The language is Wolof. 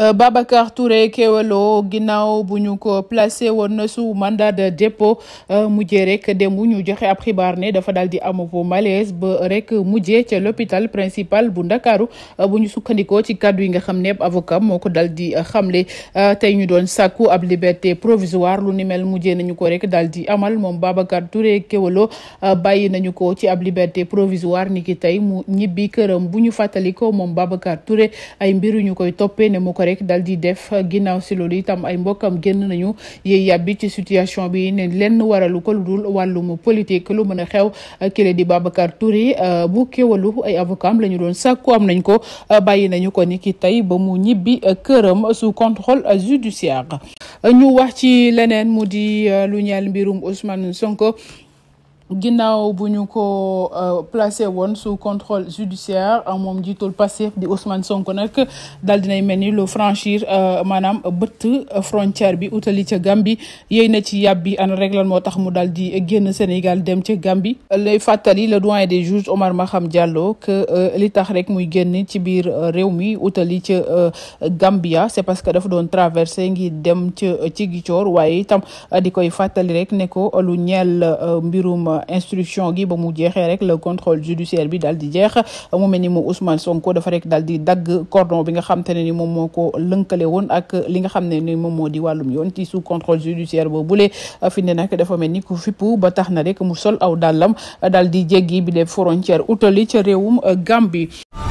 Euh, Babacar Touré Kewelo ginnaaw bu ñu ko placé woon na sous mandat de dépôt euh, mujjee rek démb ñu joxe ab xibaar ne dafa daal di am bu malaise ba rek mujje ca l'hôpital principal bu Ndakaaru euh, bu ñu sukkandikoo ci kàddu yi nga xam ne ab avocat moo ko dal di xamle tey ñu doon sàkku ab liberté provisoire lu ni mel mujjee nañu ko rek daal di amal moom Babacar Touré Kewelo bàyyi nañu ko ci ab liberté provisoire niki tey mu ñibbi këram bu ñu fàttali moom Babacar Touré ko rek dal di def ginnaaw si loolu itam ay mbokkam génn nañu yéey yàbbi ci situation bi ne lenn waralu ko lu dul wàllum politique lu mën a xew kile di Babacar Touré euh, bu kéwalu ay avocat lañu doon sàkku am nañ ko euh, bàyyi nañu ko ni ki tey ba mu ñibbi euh, këram sous contrôle judiciaire ñu wax ci leneen mu di lu ñeel mbirum Ousmane Sonko ginnaaw bu ñu ko euh, placé woon sous contrôle judiciaire euh, moom njiitul Pastef di Ousmane Sonko nag daal dinay mel ni lu franchir euh, maanaam bët frontière bi utali ca Gambie yéy na ci yàbbi ana rek lan moo tax mu daal di génn Sénégal dem ci Gambie lay fàttali le doyen des juges Omar Maham Diallo que li tax rek muy génn ci biir réew mi utali ca Gambia c'est parce que dafa doon traversé ngi dem ca ci Ziguinchor waaye itam di koy fàttali rek ne ko lu ñeel mbirum instruction gi ba mu jeexee rek le contrôle judiciaire bi daal di jeex mu mel ni mu Ousmane Sonko dafa rek daal di dagg cordon bi nga xam te ne ni moom moo ko lënkale woon ak li nga xam ne ni moom moo di wàllum yoon ci sous contrôle judiciaire a fi ne nag dafa mel ni ku fippu ba tax na rek mu sol aw dàllam daal di jéggi bi les frontières utali ca réewum Gambie